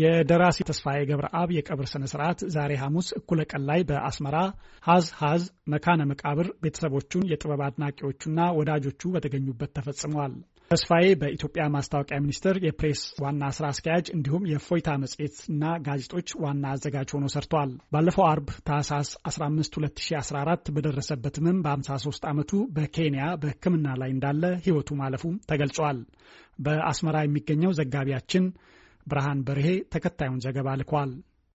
የደራሲ ተስፋዬ ገብረ አብ የቀብር ስነ ስርዓት ዛሬ ሐሙስ እኩለ ቀን ላይ በአስመራ ሀዝ ሀዝ መካነ መቃብር ቤተሰቦቹን የጥበብ አድናቂዎቹና ወዳጆቹ በተገኙበት ተፈጽመዋል። ተስፋዬ በኢትዮጵያ ማስታወቂያ ሚኒስቴር የፕሬስ ዋና ስራ አስኪያጅ እንዲሁም የእፎይታ መጽሔትና ጋዜጦች ዋና አዘጋጅ ሆኖ ሰርቷል። ባለፈው አርብ ታህሳስ 15 2014 በደረሰበት ህመም በ53 ዓመቱ በኬንያ በሕክምና ላይ እንዳለ ህይወቱ ማለፉ ተገልጿል። በአስመራ የሚገኘው ዘጋቢያችን ብርሃን በርሄ ተከታዩን ዘገባ ልኳል።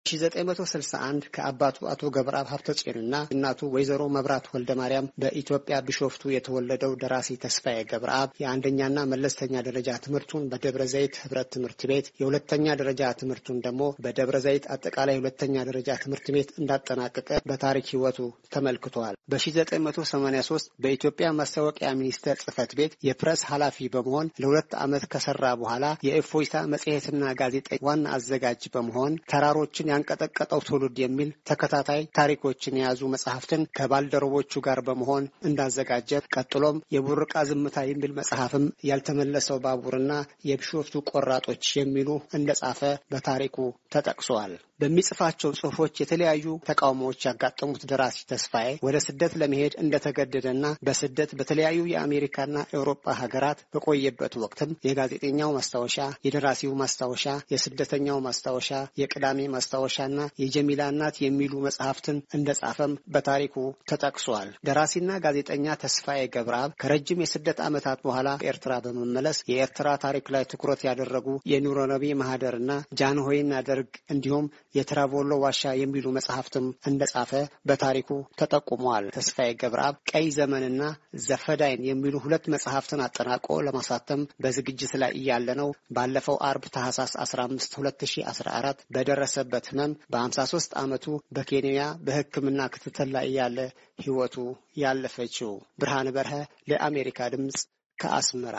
1961 ከአባቱ አቶ ገብረአብ ሀብተጽዮንና እናቱ ወይዘሮ መብራት ወልደ ማርያም በኢትዮጵያ ቢሾፍቱ የተወለደው ደራሲ ተስፋዬ ገብረአብ የአንደኛና መለስተኛ ደረጃ ትምህርቱን በደብረ ዘይት ህብረት ትምህርት ቤት፣ የሁለተኛ ደረጃ ትምህርቱን ደግሞ በደብረ ዘይት አጠቃላይ ሁለተኛ ደረጃ ትምህርት ቤት እንዳጠናቀቀ በታሪክ ህይወቱ ተመልክቷል። በ1983 በኢትዮጵያ ማስታወቂያ ሚኒስቴር ጽህፈት ቤት የፕረስ ኃላፊ በመሆን ለሁለት ዓመት ከሰራ በኋላ የእፎይታ መጽሔትና ጋዜጣ ዋና አዘጋጅ በመሆን ተራሮችን ያንቀጠቀጠው ትውልድ የሚል ተከታታይ ታሪኮችን የያዙ መጽሐፍትን ከባልደረቦቹ ጋር በመሆን እንዳዘጋጀ ቀጥሎም የቡርቃ ዝምታ የሚል መጽሐፍም ያልተመለሰው ባቡርና የቢሾፍቱ ቆራጦች የሚሉ እንደጻፈ በታሪኩ ተጠቅሷል። በሚጽፋቸው ጽሑፎች የተለያዩ ተቃውሞዎች ያጋጠሙት ደራሲ ተስፋዬ ወደ ስደት ለመሄድ እንደተገደደና በስደት በተለያዩ የአሜሪካና አውሮፓ ሀገራት በቆየበት ወቅትም የጋዜጠኛው ማስታወሻ፣ የደራሲው ማስታወሻ፣ የስደተኛው ማስታወሻ፣ የቅዳሜ ማስታወሻና የጀሚላ እናት የሚሉ መጽሐፍትን እንደጻፈም በታሪኩ ተጠቅሷል። ደራሲና ጋዜጠኛ ተስፋዬ ገብረአብ ከረጅም የስደት ዓመታት በኋላ ኤርትራ በመመለስ የኤርትራ ታሪክ ላይ ትኩረት ያደረጉ የኑረነቢ ማህደርና ጃንሆይና ደርግ እንዲሁም የትራቮሎ ዋሻ የሚሉ መጽሐፍትም እንደጻፈ በታሪኩ ተጠቁመዋል። ተስፋዬ ገብረአብ ቀይ ዘመንና ዘፈዳይን የሚሉ ሁለት መጽሐፍትን አጠናቆ ለማሳተም በዝግጅት ላይ እያለ ነው ባለፈው አርብ ታህሳስ 15 2014 በደረሰበት ህመም በ53 ዓመቱ በኬንያ በሕክምና ክትትል ላይ እያለ ህይወቱ ያለፈችው ብርሃን በርሀ ለአሜሪካ ድምፅ ከአስመራ